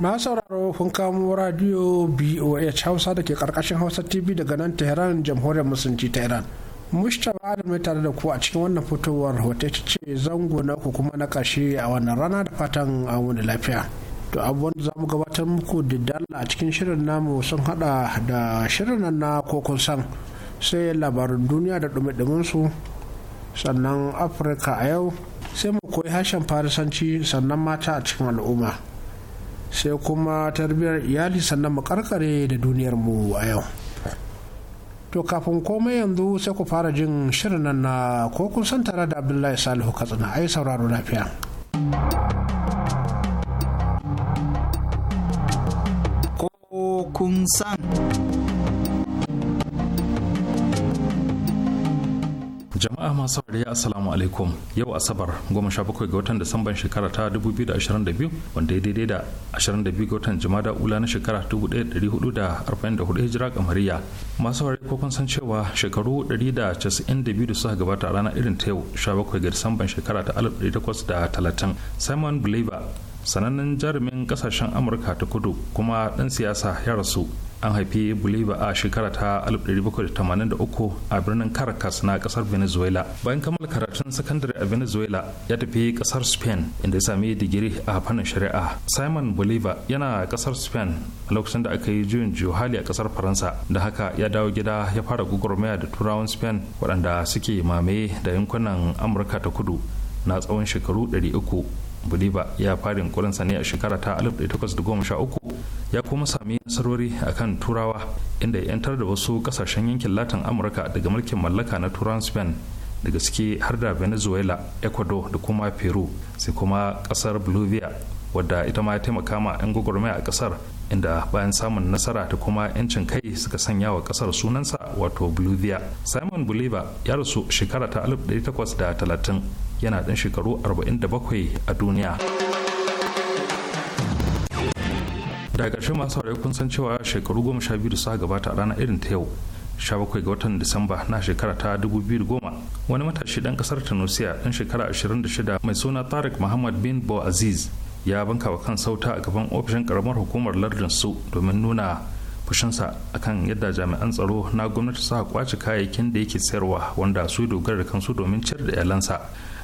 ma sauraro kun kamo radio boh hausa da ke karkashin hausa tv daga nan tehran jamhuriyar musulunci ta iran mustapha adam mai tare da ku a cikin wannan fitowar wata ce zango na ku kuma na kashe a wannan rana da fatan an wani lafiya to abubuwan da za mu gabatar muku da dalla a cikin shirin namu sun hada da shirin nan na kokon san sai labarin duniya da su sannan afirka a yau sai mu koyi harshen farisanci sannan mata a cikin al'umma sai kuma tarbiyar iyali sannan mu karkare da duniyar mu a yau to kafin komai yanzu sai ku fara jin shirin nan na ko kun san tare da abdullahi salihu katsina ai sauraro lafiya ko kun san jama'a masu ya assalamu alaikum yau asabar goma sha bakwai ga watan disamban shekara ta 2022 wanda ya daidai da 22 ga watan da ula na shekara 1444 hijira kamariya masu saurari ko kun san cewa shekaru 192 da suka gabata a ranar irin ta yau sha bakwai ga disamban shekara ta 1830 simon believer sanannen jarumin kasashen amurka ta kudu kuma dan siyasa ya rasu an haifi bolivar a shekara ta 1783 a birnin caracas na kasar venezuela bayan kammala karatun sakandare a venezuela ya tafi kasar spain inda ya sami digiri a fannin shari'a simon bolivar yana kasar spain a lokacin da aka yi juyin juhali a kasar faransa da haka ya dawo gida ya fara gugurmaya da turawan spain waɗanda suke mamaye da yankunan amurka ta kudu na tsawon shekaru 300 bolivar ya fara yunkurinsa ne a shekara ta 1813 ya kuma sami nasarori a kan turawa inda ya 'yantar da wasu kasashen yankin latin amurka daga mulkin mallaka na turan spain daga suke har da venezuela ecuador da kuma peru sai kuma kasar bolivia wadda ita ma ya taimaka ma 'yan gwagwarmaya a kasar inda bayan samun nasara da kuma 'yancin kai suka sanya wa kasar sunansa wato bolivia simon bolivar ya rasu shekara ta 1830 yana dan shekaru 47 a duniya da ƙarshe masu saurari kun san cewa shekaru goma sha biyu da suka gabata a ranar irin ta yau 17 ga watan Disamba na shekara ta 2010 wani matashi dan kasar Tunisia dan shekara 26 mai suna tarik Muhammad bin Bouaziz ya banka wa kan sauta a gaban ofishin karamar hukumar lardin su domin nuna fushinsa akan yadda jami'an tsaro na gwamnati suka kwace kayayyakin da yake sayarwa wanda su dogara da kansu domin ciyar da 'yalansa.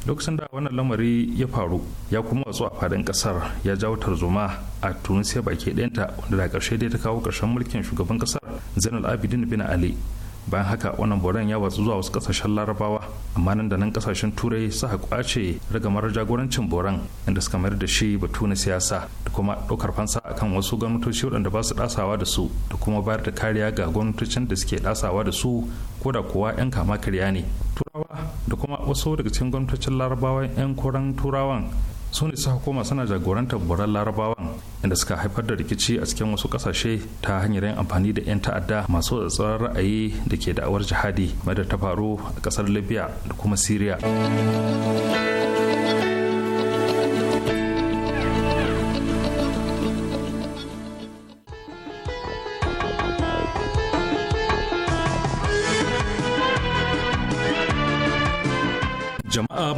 lokacin da wannan lamari ya faru ya kuma watsu a fadin kasar ya jawo tarzoma a tunisiya baki ɗayanta wanda da ƙarshe dai ta kawo ƙarshen mulkin shugaban kasar zainal abidin bin ali bayan haka wannan boran ya watsu zuwa wasu ƙasashen larabawa amma nan da nan ƙasashen turai su suka kwace ragamar jagorancin boran inda suka mayar da shi batu na siyasa da kuma ɗaukar fansa a kan wasu gwamnatoci waɗanda ba su ɗasawa da su da kuma bayar da kariya ga gwamnatocin da suke ɗasawa da su ko da kuwa 'yan kama karya ne turawa da kuma wasu daga cikin gwamnatocin larabawan 'yan koran turawan su ne su hukuma suna jagorantar buran larabawan inda suka haifar da rikici a cikin wasu kasashe ta hanyar yin amfani da 'yan ta'adda masu tsatsar ra'ayi da ke da'awar jihadi mai da ta faru a kasar libya da kuma syria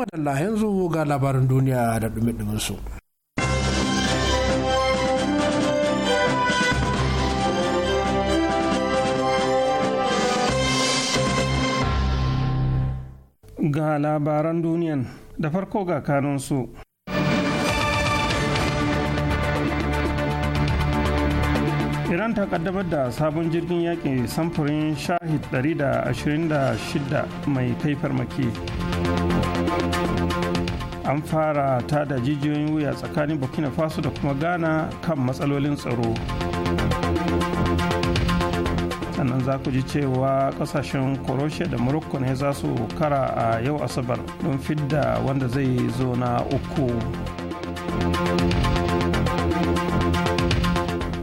madalla yanzu ga labarin duniya da dumi su. Ga labaran duniyan da farko ga kanunsu. iran ta kaddamar da sabon jirgin yakin samfurin shahid 126 mai kai farmaki an fara ta da jijiyoyin wuya tsakanin burkina faso da kuma ghana kan matsalolin tsaro sannan za ku ji cewa kasashen croatia da morocco ne za su kara a yau asabar don fidda wanda zai zo na uku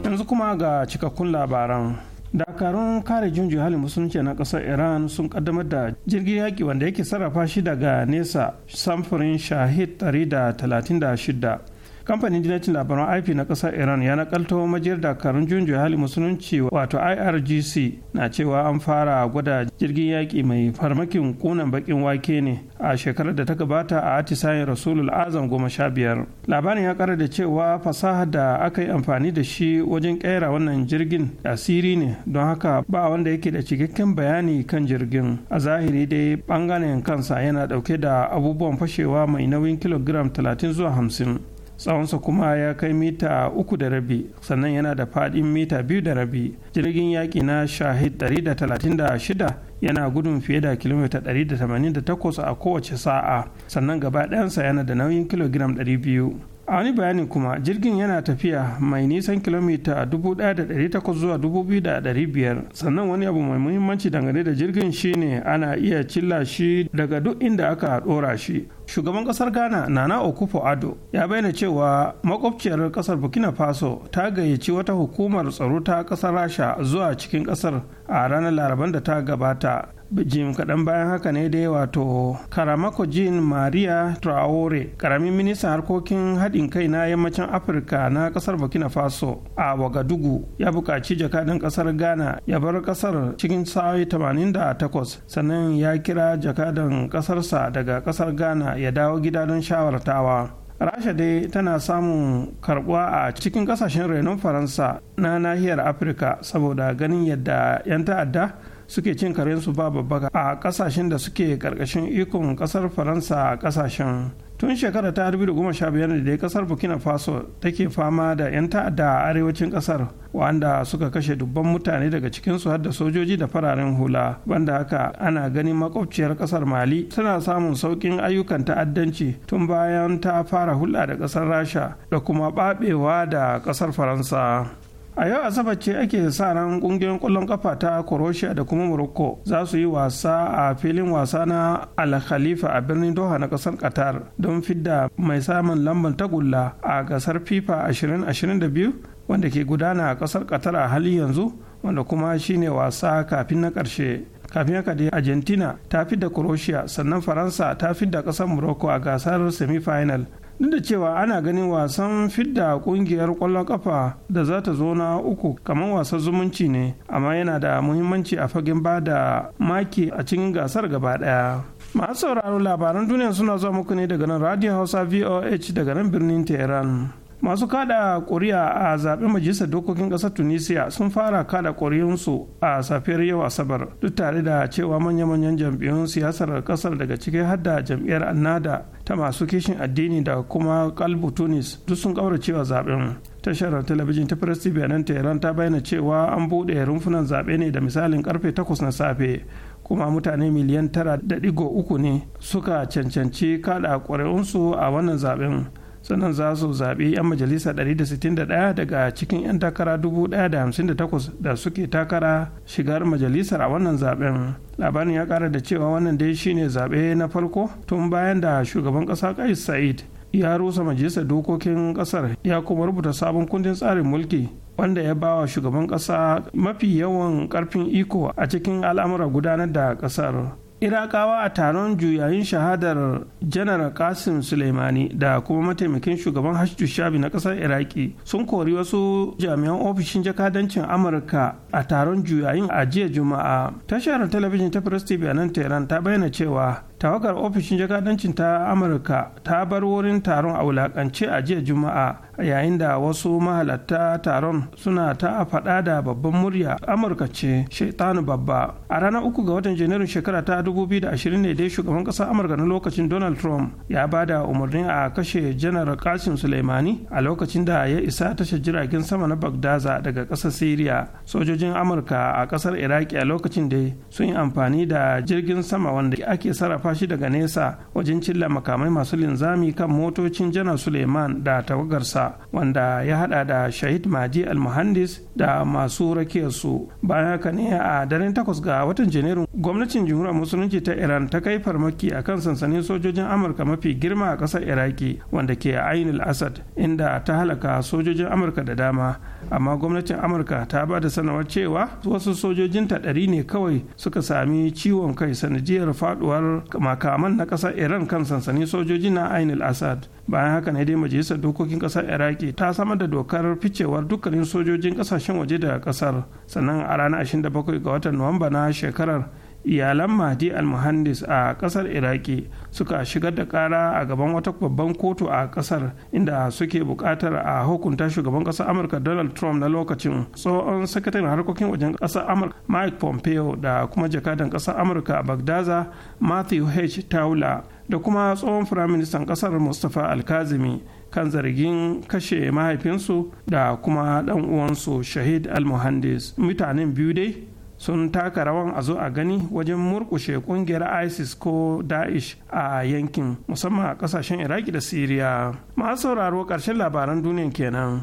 yanzu kuma ga cikakkun labaran dakarun kare jin halin musulunci na kasar iran sun kaddamar da jirgin yaƙi wanda yake sarrafa shi daga nesa samfurin shahid 136 kamfanin dinacin labaran ip na kasar iran ya nakalto majiyar dakarun junjo hali musulunci wato irgc na cewa an fara gwada jirgin yaƙi mai farmakin kunan bakin wake ne a shekarar da ta gabata a atisayin rasulul azam goma sha biyar labarin ya kara da cewa fasaha da aka yi amfani da shi wajen kera wannan jirgin asiri ne don haka ba wanda yake da cikakken bayani kan jirgin a zahiri dai bangaren kansa yana dauke da abubuwan fashewa mai nauyin kilogiram talatin zuwa hamsin. tsawonsa kuma ya kai mita uku da rabi sannan yana da faɗin mita biyu da rabi jirgin yaƙi na shahid 136 yana gudun fiye da kilomita 188 a kowace sa'a sannan gaba ɗayansa yana da nauyin kilogiram 200 a wani bayanin kuma jirgin yana tafiya mai nisan kilomita 1,800 zuwa 2,500 sannan wani abu mai muhimmanci dangane da jirgin shine ana iya cilla shi daga duk inda aka dora shi shugaban kasar ghana nana okufo ado ya bayyana cewa makwabciyar kasar burkina faso ta gayyaci wata hukumar tsaro ta kasar rasha zuwa cikin kasar a ranar laraban da ta gabata jim kaɗan bayan haka ne dai wato karamako jean maria traore karamin ministan harkokin haɗin kai na yammacin afirka na ƙasar burkina faso a wagadugu ya buƙaci jakadan ƙasar ghana ya bar ƙasar cikin sa'o'i 88 sannan ya kira jakadan ƙasarsa daga ƙasar ghana ya dawo gida don shawartawa rasha dai tana samun karbuwa a cikin kasashen renon faransa na nahiyar afirka saboda ganin yadda 'yan ta'adda suke cin su ba babbaga a kasashen da suke karkashin ikon kasar faransa a kasashen tun shekara ta 2015 da kasar burkina faso take fama da 'yan ta'adda a arewacin kasar wanda suka kashe dubban mutane daga cikinsu har da sojoji da fararen hula banda haka ana ganin makwabciyar kasar mali tana samun sauƙin ayyukan ta'addanci tun bayan ta fara hula da kasar rasha da kuma ɓaɓewa da kasar faransa a yau asabar ce ake sa ran kungiyoyin kwallon kafa ta croatia da kuma morocco za su yi wasa a filin wasa na al khalifa a birnin doha na kasar qatar don fidda mai samun lambar tagulla a gasar fifa 2022 wanda ke gudana a kasar qatar a hali yanzu wanda kuma shine wasa kafin na karshe kafin haka dai argentina ta fidda croatia sannan faransa ta fidda kasar morocco a gasar semi-final duk da cewa ana ganin wasan fidda kungiyar kwallon kafa da za ta zo na uku kamar wasan zumunci ne amma yana da muhimmanci a fagen ba da maki a cikin gasar gaba daya masu sauraro labaran duniya suna zuwa muku ne daga nan radio hausa voh daga nan birnin tehran masu kada ƙuri'a a zaben majalisar dokokin ƙasar tunisia sun fara kada kuri'unsu a safiyar yau asabar duk tare da cewa manya-manyan jam'iyyun siyasar kasar daga cikin har da jam'iyyar annada ta masu kishin addini da kuma kalbu tunis duk sun cewa zaben tashar talabijin ta press tv nan tehran ta bayyana cewa an buɗe rumfunan zaɓe ne da misalin karfe 8 na safe kuma mutane miliyan 9.3 ne suka cancanci kada ƙuri'unsu a wannan zaben sannan za su zaɓi 'yan majalisa 161 daga cikin 'yan takara 1,058 da suke takara shigar majalisar a wannan zaɓen labarin ya ƙara da cewa wannan dai shine zaɓe na farko tun bayan da shugaban ƙasa kais sa'id ya rusa majalisar dokokin ƙasar ya kuma rubuta sabon kundin tsarin mulki wanda ya bawa shugaban ƙasa mafi yawan ƙarfin iko a cikin al'amura gudanar da ƙasar irakawa a taron juyayin shahadar janar kasim suleimani da kuma mataimakin shugaban hashdu shabi na kasar iraki sun kori wasu jami'an ofishin jakadancin amurka a taron juyayin a jiya juma'a tashar talabijin ta press tv a nan tehran ta bayyana cewa tawagar ofishin jakadancin ta amurka ta bar wurin taron a wulakance a jiya juma'a yayin da wasu mahalatta taron suna ta faɗa da babban murya amurka ce shaitanu babba a ranar uku ga watan janairun shekara ta 2020 ne dai shugaban ƙasar amurka na lokacin donald trump ya ba da umarnin a kashe janar kasim suleimani a lokacin da ya isa tashar jiragen sama na bagdaza daga ƙasar syria sojojin amurka a ƙasar iraki a lokacin da sun yi amfani da jirgin sama wanda ake sarrafa shi daga nesa wajen cilla makamai masu linzami kan motocin janar suleiman da tawagarsa wanda ya hada da shahid maji almuhandis da masu rakiyarsu bayan haka ne a daren takwas ga watan janairun gwamnatin jamhuriyar musulunci ta iran ta kai farmaki a kan sansanin sojojin amurka mafi girma a ƙasar iraki wanda ke ainul asad inda ta halaka sojojin amurka da dama amma gwamnatin amurka ta ba da sanarwar cewa wasu sojojinta ɗari ne kawai suka sami ciwon kai sanadiyar faduwar makaman na ƙasar iran kan sansanin sojoji na ain al-assad bayan haka ne dai majalisar dokokin ƙasar iraki ta samar da dokar ficewar dukkanin sojojin ƙasashen waje daga ƙasar sannan a ranar 27 ga watan nuwamba na shekarar iyalan mahdi almuhandis a kasar iraki suka shigar da kara a gaban wata babban kotu a kasar inda suke bukatar a hukunta shugaban kasar amurka donald trump na lokacin tsohon sakataren harkokin wajen kasar amurka mike pompeo da kuma jakadan kasar amurka a bagdaza matthew h taula da kuma tsohon firaministan kasar mustapha alkazimi kan zargin kashe mahaifinsu da kuma dan uwansu shahid almuhandis mutanen biyu dai sun taka rawan a zo a gani wajen murkushe kungiyar isis ko daesh a yankin musamman a kasashen iraki da siriya masu sauraro ƙarshen labaran duniyan kenan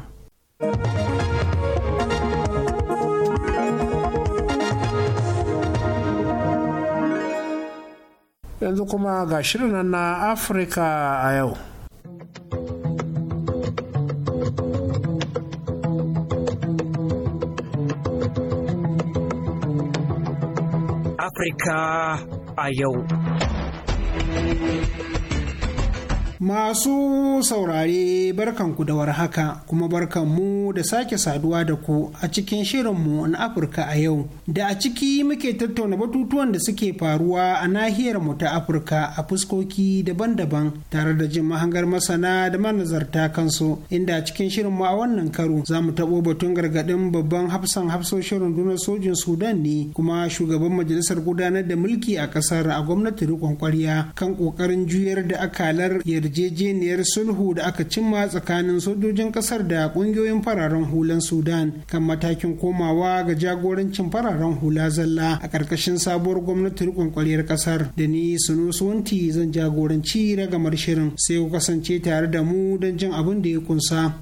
yanzu kuma ga shirin na afirka a yau Africa, Iyo. Masu saurare barkanku da haka kuma barkanmu da sake saduwa da ku a cikin shirin mu na Afirka a yau. Da a ciki muke tattauna batutuwan da suke faruwa a nahiyar mu ta Afirka a fuskoki daban-daban tare da jin mahangar masana da manazarta kansu inda a cikin mu a wannan karo za mu taɓo batun gargaɗin babban hafsan hafsoshin rundunar sojin Sudan ne kuma shugaban majalisar gudanar da mulki a ƙasar a gwamnati riƙon kwarya kan ƙoƙarin juyar da akalar yarda yarjejeniyar sulhu da aka cimma tsakanin sojojin kasar da kungiyoyin fararen hulan sudan kan matakin komawa ga jagorancin fararen hula zalla a ƙarƙashin sabuwar gwamnati riƙon ƙwaryar ƙasar da ni suno suwanti zan jagoranci ragamar shirin sai ku kasance tare da mu don jin abin da ya kunsa.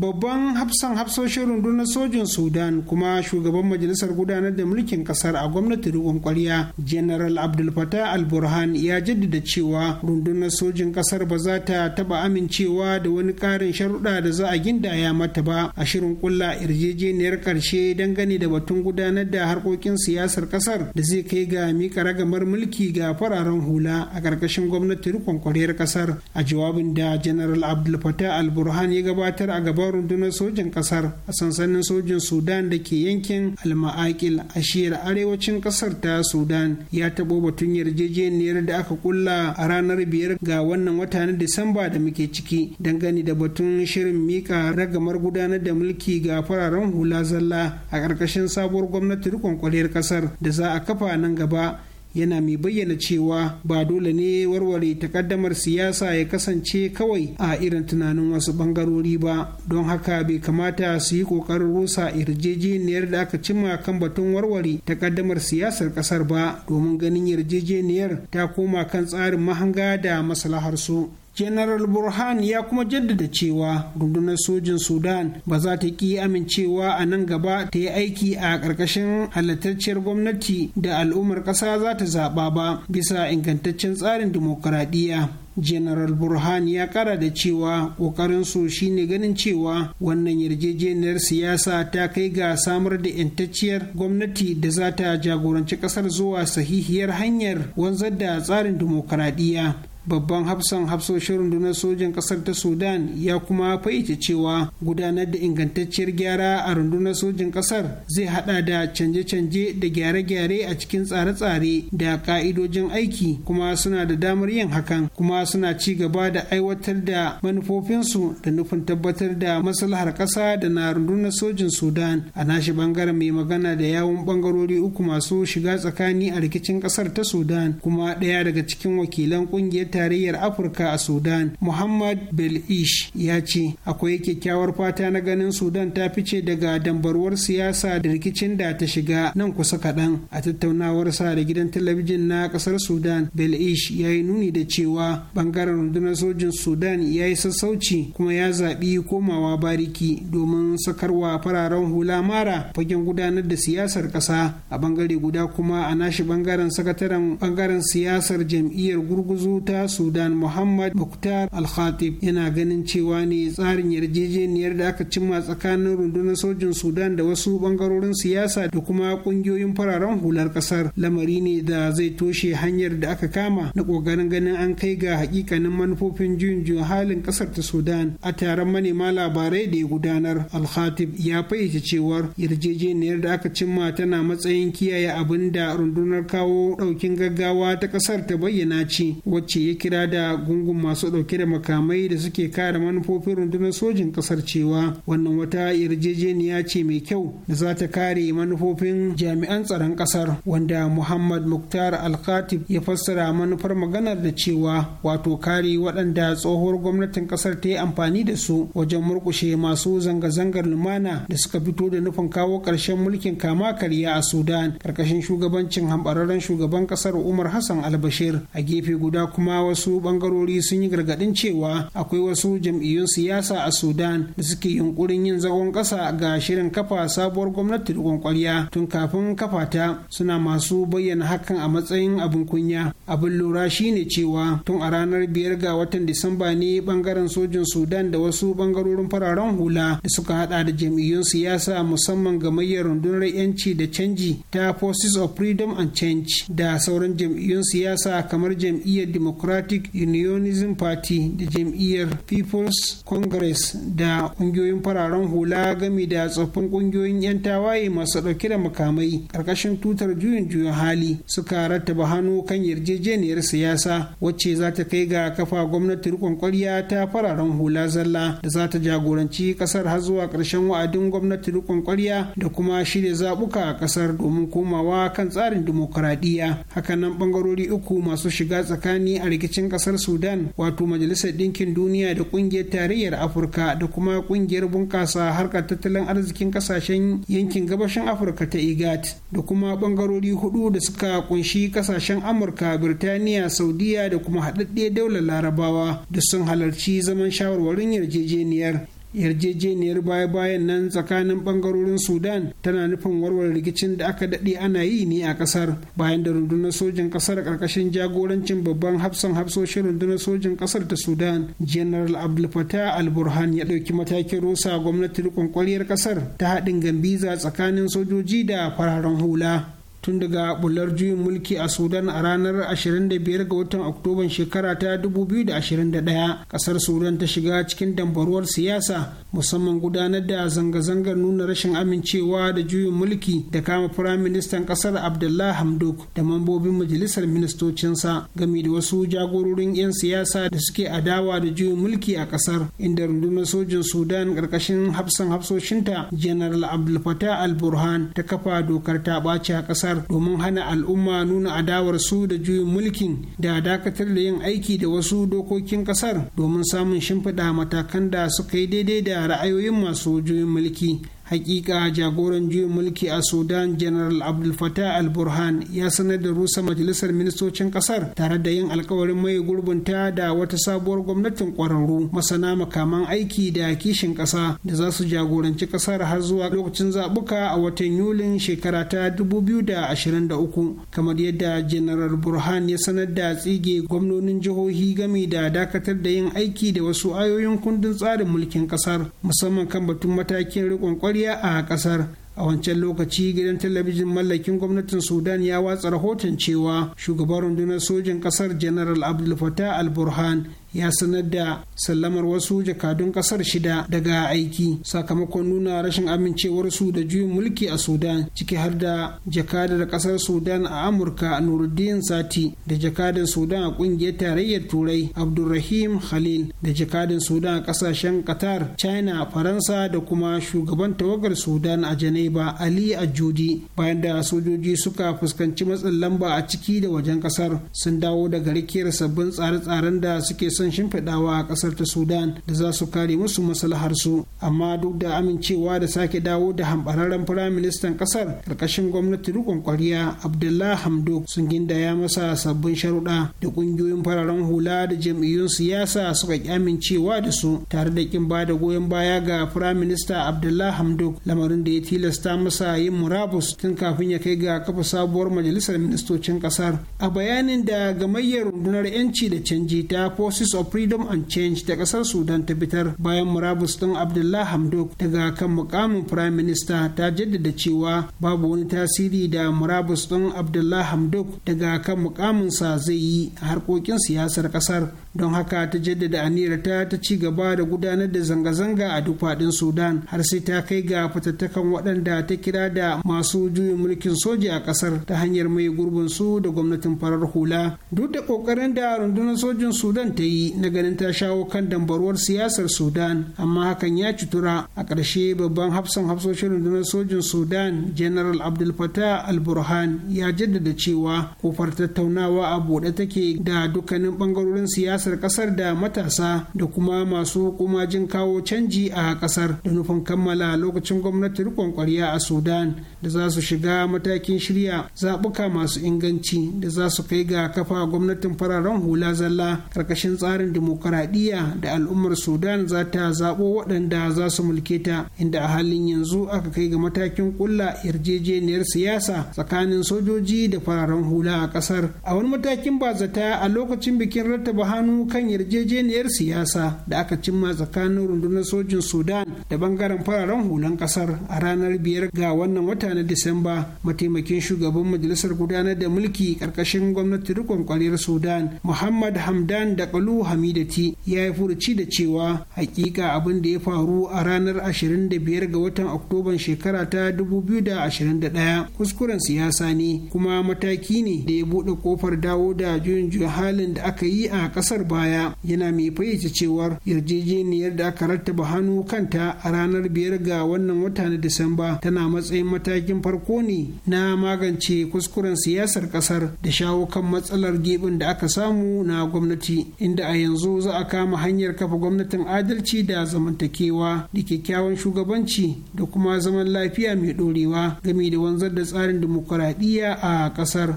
babban hafsan hafsoshin rundunar sojin sudan kuma shugaban majalisar gudanar da mulkin kasar a gwamnatin riƙon kwarya general abdul fatah al burhan ya jaddada cewa rundunar sojin kasar ba za ta taba amincewa da wani ƙarin sharuɗa da za a gindaya mata ba a shirin kulla yarjejeniyar ƙarshe dangane da batun gudanar da harkokin siyasar kasar da zai kai ga mika ragamar mulki ga fararen hula a ƙarƙashin gwamnatin riƙon kwaryar kasar a jawabin da general abdul fatah al burhan ya gabatar a gaban shugaban rundunar sojin kasar a sansanin sojin sudan da ke yankin alma'akil a shiyar arewacin kasar ta sudan ya taɓo batun yarjejeniyar da aka kulla a ranar biyar ga wannan wata na disamba da muke ciki dangane da batun shirin mika ragamar gudanar da mulki ga fararen hula zalla a ƙarƙashin sabuwar gwamnati rikon kwaliyar kasar da za a kafa nan gaba yana mai bayyana cewa ba dole ne warware takaddamar siyasa ya kasance kawai a irin tunanin wasu bangarori ba don haka bai kamata su yi kokarin rusa yarjejeniyar da aka cimma kan batun warware takaddamar siyasar kasar ba domin ganin yarjejeniyar ta koma kan tsarin mahanga da maslahar su general burhan ya kuma jaddada cewa rundunar sojin sudan ba za ta ki amincewa a nan gaba ta yi aiki a ƙarƙashin halittacciyar gwamnati da al'ummar ƙasa za ta zaɓa ba bisa ingantaccen tsarin dimokuraɗiyya general burhan ya kara da cewa ƙoƙarinsu shine ganin cewa wannan yarjejeniyar siyasa ta kai ga samar da yantacciyar gwamnati da za ta jagoranci ƙasar zuwa sahihiyar hanyar wanzar da tsarin dimokuraɗiyya babban hafsan hafsoshin rundunar sojan kasar ta sudan ya kuma faice cewa gudanar da ingantacciyar gyara a rundunar sojan kasar zai hada da canje-canje da gyare-gyare a cikin tsare-tsare da ka'idojin aiki kuma suna da damar yin hakan kuma suna ci gaba da aiwatar da manufofinsu da nufin tabbatar da maslahar kasa da na rundunar sojin sudan a nashi bangaren mai magana da yawun bangarori uku masu shiga tsakani a rikicin kasar ta sudan kuma ɗaya daga cikin wakilan kungiyar tarayyar afirka a sudan muhammad belish ya ce akwai kyakkyawar fata na ganin sudan ta fice daga dambarwar siyasa da rikicin da ta shiga nan kusa kaɗan a tattaunawar sa da gidan talabijin na ƙasar sudan belish ya yi nuni da cewa ɓangaren rundunar sojin sudan ya yi sassauci kuma ya zaɓi komawa bariki domin sakarwa fararen hula mara fagen gudanar da siyasar ƙasa a ɓangare guda kuma a nashi bangaren sakataren ɓangaren siyasar jam'iyyar gurguzu ta ta sudan muhammad muktar al-khatib yana ganin cewa ne tsarin yarjejeniyar da aka cimma tsakanin rundunar sojin sudan da wasu bangarorin siyasa da kuma kungiyoyin fararen hular kasar lamari ne da zai toshe hanyar da aka kama na kokarin ganin an kai ga hakikanin manufofin juyin juyin halin kasar ta sudan a taron manema labarai da ya gudanar al-khatib ya fayyace cewar yarjejeniyar da aka cimma tana matsayin kiyaye abin da rundunar kawo daukin gaggawa ta kasar ta bayyana ce wacce yi kira da gungun masu ɗauke da makamai da suke kare manufofin rundunar sojin ƙasar cewa wannan wata yarjejeniya ce mai kyau da za ta kare manufofin jami'an tsaron ƙasar wanda muhammad muktar alkatib ya fassara manufar maganar da cewa wato kare waɗanda tsohuwar gwamnatin ƙasar ta yi amfani da su wajen murƙushe masu zanga-zangar lumana da suka fito da nufin kawo ƙarshen mulkin kama karya a sudan ƙarƙashin shugabancin hambararren shugaban ƙasar umar hassan albashir a gefe guda kuma kuma wasu bangarori sun yi gargadin cewa akwai wasu jam'iyyun siyasa a sudan da suke yunkurin yin zagon ƙasa ga shirin kafa sabuwar gwamnati da kwarya tun kafin kafa ta suna masu bayyana hakan a matsayin abin kunya abin lura shine cewa tun a ranar biyar ga watan disamba ne bangaren sojin sudan da wasu bangarorin fararen hula da suka hada da jam'iyyun siyasa musamman ga gamayyar rundunar yanci da canji ta forces of freedom and change da sauran jam'iyyun siyasa kamar jam'iyyar democratic unionism party da jam'iyyar people's congress da ƙungiyoyin fararen hula game da tsoffin ƙungiyoyin 'yan tawaye masu ɗauke da makamai ƙarƙashin tutar juyin juyin hali suka rattaba hannu kan yarjejeniyar siyasa wacce za ta kai ga kafa gwamnati rikon ƙwarya ta fararen hula zalla da za ta jagoranci ƙasar har zuwa ƙarshen wa'adin gwamnati rikon ƙwarya da kuma shirya zaɓuka a ƙasar domin komawa kan tsarin dimokuraɗiyya hakanan ɓangarori uku masu shiga tsakani a rikicin kasar sudan wato majalisar ɗinkin duniya da ƙungiyar tarayyar afirka da kuma ƙungiyar bunƙasa harkar tattalin arzikin ƙasashen yankin gabashin afirka ta igat da kuma ɓangarori hudu da suka kunshi ƙasashen amurka birtaniya saudiya da kuma haɗaɗɗe daular larabawa da sun halarci zaman shawarwarin yarjejeniyar yarjejeniyar baya-bayan nan tsakanin bangarorin sudan tana nufin warware rikicin da aka daɗe ana yi ne a ƙasar bayan da rundunar sojin ƙasar ƙarƙashin jagorancin babban hafsan hafsoshin rundunar sojin ƙasar ta sudan general abdul fatah al burhan ya ɗauki matakin rusa gwamnatin riƙon ƙasar ta haɗin gambiza tsakanin sojoji da fararen hula tun daga bular juyin mulki a sudan a ranar 25 ga watan oktoban shekara ta 2021 kasar sudan ta shiga cikin dambaruwar siyasa musamman gudanar da zanga-zangar nuna rashin amincewa da juyin mulki da kama firaministan kasar abdullah hamdok da mambobin majalisar ministocinsa game da wasu jagororin 'yan siyasa da suke adawa da juyin mulki a kasar inda rundunar sojin sudan karkashin hafsan hafsoshinta general abdul fatah al-burhan ta kafa dokar ta ɓaci a kasar kasar domin hana al'umma nuna adawar su da juyin mulkin da dakatar da yin aiki da wasu dokokin kasar domin samun shimfiɗa matakan da suka yi daidai da ra'ayoyin masu juyin mulki hakika jagoran juyin mulki a sudan general abdul fatah al-burhan ya sanar da rusa majalisar ministocin kasar tare da yin alkawarin mai gurbinta da wata sabuwar gwamnatin kwararru masana makaman aiki da kishin kasa da za su jagoranci kasar har zuwa lokacin zabuka a watan yulin shekara ta 2023 kamar yadda general burhan ya sanar da tsige gwamnonin jihohi game da dakatar da yin aiki da wasu ayoyin kundin tsarin mulkin kasar musamman kan batun matakin riƙon kwari koriya a kasar a wancan lokaci gidan talabijin mallakin gwamnatin sudan ya watsa rahoton cewa shugaban rundunar sojin kasar general AbdulFatah fatah al-burhan ya sanar da sallamar wasu jakadun kasar shida daga aiki sakamakon nuna rashin amincewarsu da juyin mulki a sudan ciki har da jakadar kasar sudan a amurka nuruddin sati da jakadar sudan a kungiyar tarayyar turai abdulrahim khalil da jakadar sudan a kasashen qatar china faransa da kuma shugaban tawagar sudan a janeba ali ajudi bayan da sojoji suka fuskanci matsin lamba a ciki da wajen kasar sun dawo daga rikiyar sabbin tsare-tsaren da suke sun shimfiɗawa a ƙasar ta sudan da za su kare musu maslaharsu amma duk da amincewa da sake dawo da hambararren firaministan ƙasar ƙarƙashin gwamnati rikon ƙwariya abdullah hamdok sun gindaya masa sabbin sharuɗa da ƙungiyoyin fararen hula da jam'iyyun siyasa suka ƙi amincewa da su tare da ƙin ba da goyon baya ga firaminista abdullah hamdok lamarin da ya tilasta masa yin murabus tun kafin ya kai ga kafa sabuwar majalisar ministocin ƙasar a bayanin da gamayyar rundunar 'yanci da canji ta forces Voice of Freedom and Change ta kasar Sudan ta fitar bayan murabus din Abdullah Hamdok daga kan mukamin Prime Minister ta jaddada cewa babu wani tasiri da murabus din Abdullah Hamdok daga kan mukaminsa zai yi harkokin siyasar kasar don haka ta jaddada aniyarta ta ci gaba da gudanar da zanga-zanga a duk faɗin sudan har sai ta kai ga fatattakan waɗanda ta kira da masu juyin mulkin soja a ƙasar ta hanyar mai gurbin su da gwamnatin farar hula duk da ƙoƙarin da rundunar sojin sudan ta yi na ganin ta shawo kan dambaruwar siyasar sudan amma hakan ya cutura a ƙarshe babban hafsan hafsoshin rundunar sojin sudan general abdul fatah al-burhan ya jaddada cewa kofar tattaunawa a buɗe take da dukkanin ɓangarorin siyasa siyasar kasar da matasa da kuma masu kumajin kawo canji a kasar da nufin kammala lokacin gwamnati rikon kwariya a sudan da za su shiga matakin shirya zaɓuka masu inganci da za su kai ga kafa gwamnatin fararen hula zalla karkashin tsarin dimokuraɗiyya da al'ummar sudan za ta zaɓo waɗanda za su mulke ta inda a halin yanzu aka kai ga matakin ƙulla yarjejeniyar siyasa tsakanin sojoji da fararen hula a ƙasar a wani matakin ba zata a lokacin bikin rattaba hannu hannu kan yarjejeniyar siyasa da aka cimma tsakanin rundunar sojin sudan da bangaren fararen hulan kasar a ranar biyar ga wannan wata na disamba mataimakin shugaban majalisar gudanar da mulki karkashin gwamnati rikon kwaliyar sudan muhammad hamdan da kalu hamidati ya yi furuci da cewa hakika abin da ya faru a ranar 25 ga watan oktoban shekara ta 2021 kuskuren siyasa ne kuma mataki ne da ya buɗe kofar dawo da juyin halin da aka yi a kasar shekarar baya yana mai fayyace cewar yarjejeniyar da aka rattaba hannu kanta a ranar biyar ga wannan wata na disamba tana matsayin matakin farko ne na magance kuskuren siyasar kasar da shawo kan matsalar gibin da aka samu na gwamnati inda a yanzu za a kama hanyar kafa gwamnatin adalci da zamantakewa da kyakkyawan shugabanci da kuma zaman lafiya mai dorewa game da wanzar da tsarin dimokuraɗiyya a kasar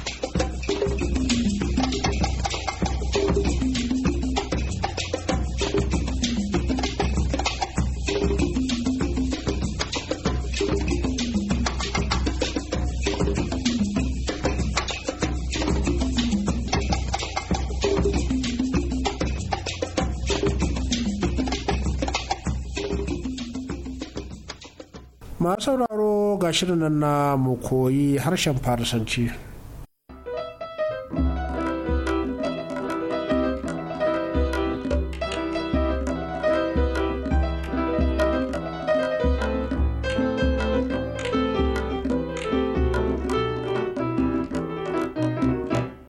شرنا نا مكوي هرشم بارسون شيء.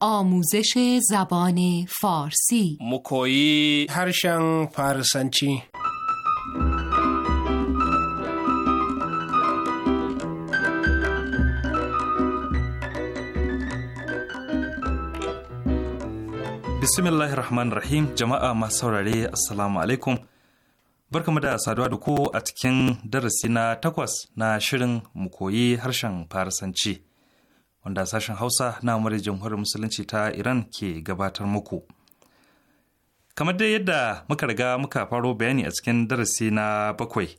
آموزش زبان فارسی مکوی هرشن پارسنچی bismillahir rahmanir rahim jama'a masu saurare assalamu alaikum barkamu da saduwa da ku a cikin darasi na takwas na shirin mu koyi harshen Faransanci, wanda sashen hausa na murar jamhuriyar musulunci ta iran ke gabatar muku kamar dai yadda muka riga muka faro bayani a cikin darasi na bakwai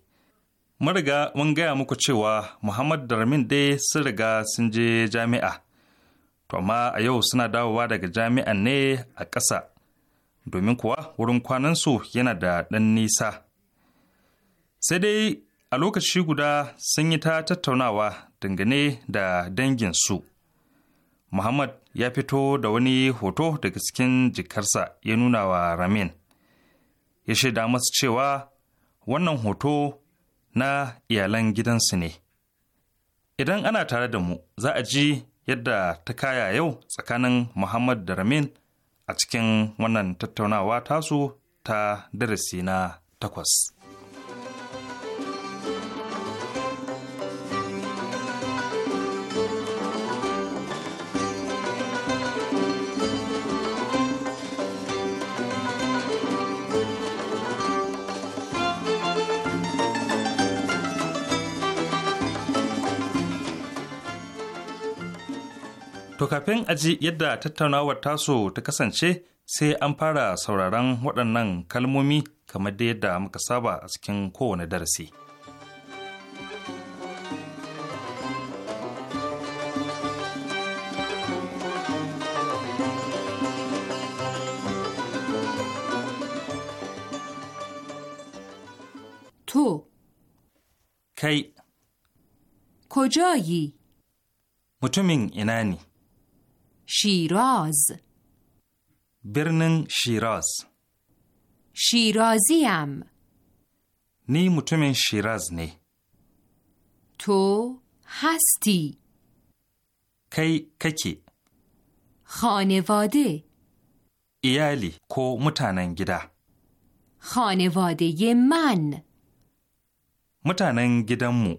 mun riga mun gaya muku cewa muhammad darmin dai sun riga sun je jami'a to amma a yau suna dawowa daga jami'an ne a ƙasa domin kuwa wurin kwanansu yana da ɗan nisa sai dai a lokaci guda sun yi ta tattaunawa dangane da danginsu muhammad ya fito da wani hoto daga cikin jikarsa ya nuna wa ramin ya shaida masu cewa wannan hoto na iyalan gidansu ne idan ana tare da mu za a ji yadda ta kaya yau tsakanin Muhammad da Ramin a cikin wannan tattaunawa tasu ta darasi na takwas. To kafin aji yadda tattaunawar taso ta kasance sai an fara sauraron waɗannan kalmomi kamar da yadda muka saba a cikin kowane darasi. تو کی کجایی متومین اینانی شیراز برنن شیراز شیرازیم نی مطمئن شیراز نی تو هستی کی ککی خانواده ایالی کو متانن گیدا خانواده من متانن مو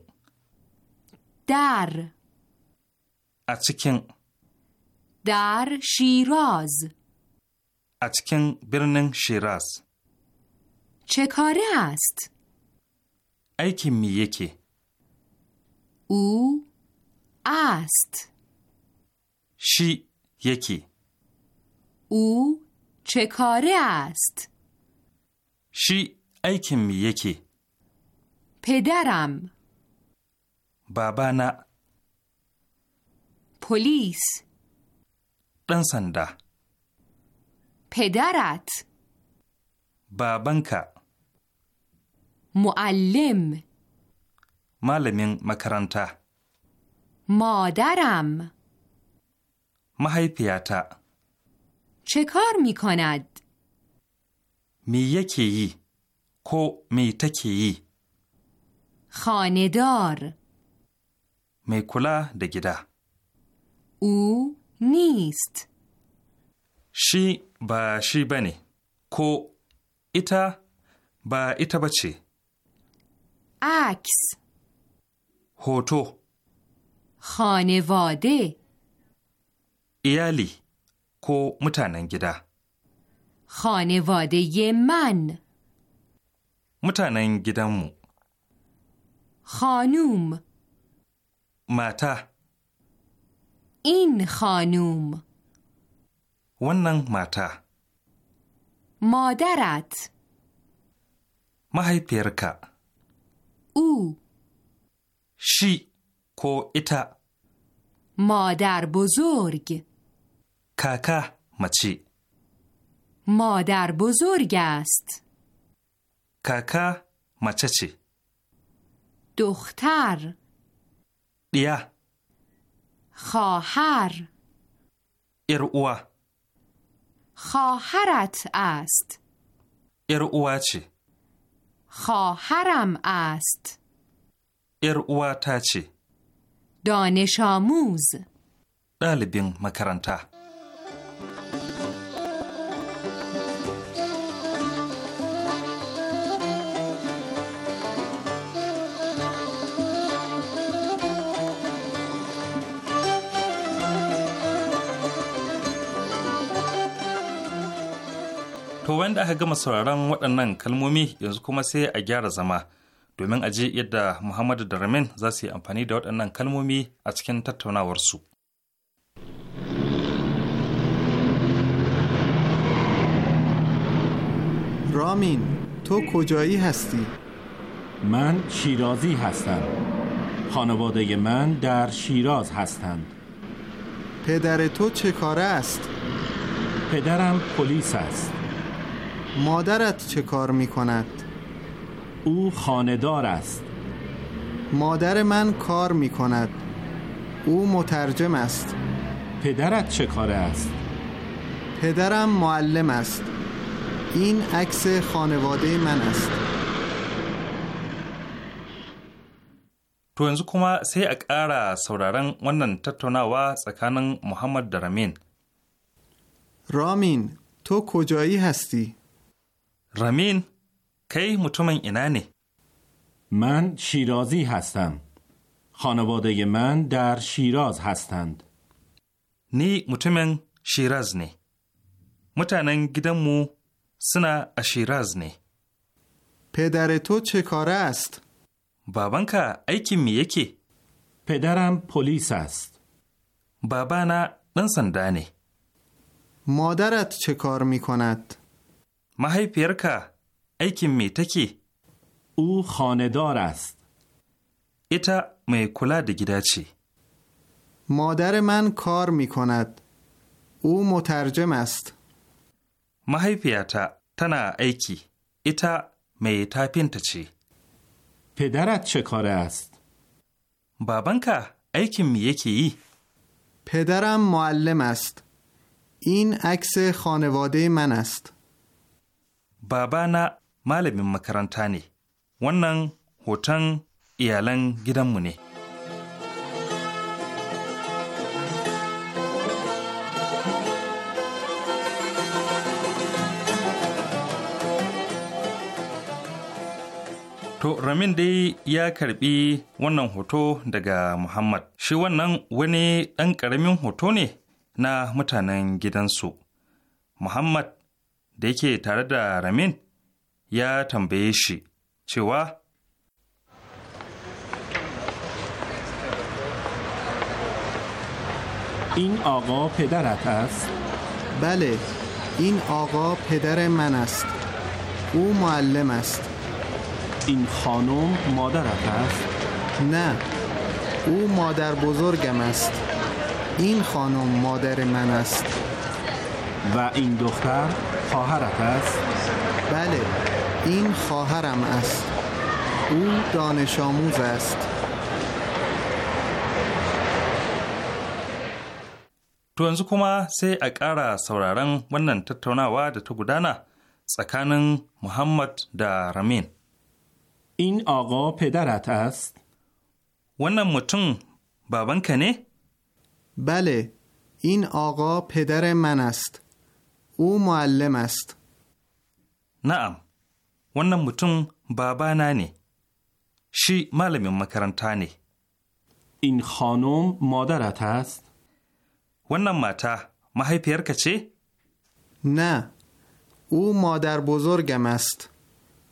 در ا در شیراز اتکن برنن شیراز چه کاره است؟ ای که یکی او است شی یکی او چه کاره است؟ شی ای می یکی پدرم بابا نه پلیس ɗan sanda. Fedarat! Babanka. Mu'allim. Malamin makaranta. Modaram! Mahaifiyata. Cikar mikonad. Me yake yi ko me take yi? Khanedar. Mai kula da gida. U. نیست شی با شی بنی کو ایتا با ایتا بچه عکس هوتو خانواده ایالی کو متانن گیدا خانواده من متانن مو خانوم ماتا این خانوم ونن ماتا مادرت مهی پیرکا او شی کو ایتا مادر بزرگ کاکا مچی مادر بزرگ است کاکا مچچی دختر دیا خواهر ارعوا خواهرت است ارعوا چی؟ خواهرم است ارعوا تا چی؟ دانش آموز دالبین مکرانتا To wanda aka gama sauraron waɗannan kalmomi yanzu kuma sai a gyara zama domin a ji yadda Muhammadu da Ramin za su yi amfani da waɗannan kalmomi a cikin tattaunawarsu. رامین تو کجایی هستی؟ من شیرازی هستم خانواده من در شیراز هستند پدر تو چه کاره است؟ پدرم پلیس است مادرت چه کار می کند؟ او خاندار است مادر من کار می کند او مترجم است پدرت چه کار است؟ پدرم معلم است این عکس خانواده من است تو yanzu kuma sai a ƙara sauraron wannan tattaunawa tsakanin Muhammad da Ramin. Ramin, هستی؟ رامین کی مطمئن نی من شیرازی هستم خانواده من در شیراز هستند نی مطمئن شیراز نه متنن مو سنا اشیراز نی پدر تو چه کاره است؟ بابانک ایکی می یکی پدرم پلیس است بابانا دن مادرت چه کار می کند؟ mahaifiyarka aikin می تکی او خاندار است ایتا می کلا ده گیدا مادر من کار می او مترجم است mahaifiyata tana aiki ita mai tafinta چی پدرت چه کار است؟ بابانکا aikin می yake پدرم معلم است. این عکس خانواده من است. babana malamin makaranta ne, wannan hoton iyalan gidanmu ne. To, Ramin dai ya karbi wannan hoto daga Muhammad. Shi wannan wani ɗan ƙaramin hoto ne na mutanen gidansu. Muhammad da yake tare da Ramin ya tambaye shi این آقا پدرت است؟ بله این آقا پدر من است او معلم است این خانم مادرت است؟ نه او مادر بزرگم است این خانم مادر من است و این دختر خواهرت است؟ بله این خواهرم است او دانش آموز است To yanzu kuma sai a ƙara sauraron wannan tattaunawa da ta gudana tsakanin Muhammad da Ramin. in aga پدرت ast wannan mutum babanka ne? bale in آقا پدر من است. او معلم است wannan mutum babana ne shi malamin makaranta ne این خانم مادرت است wannan mata mahaifiyarka ce Na, او مادر بزرگم است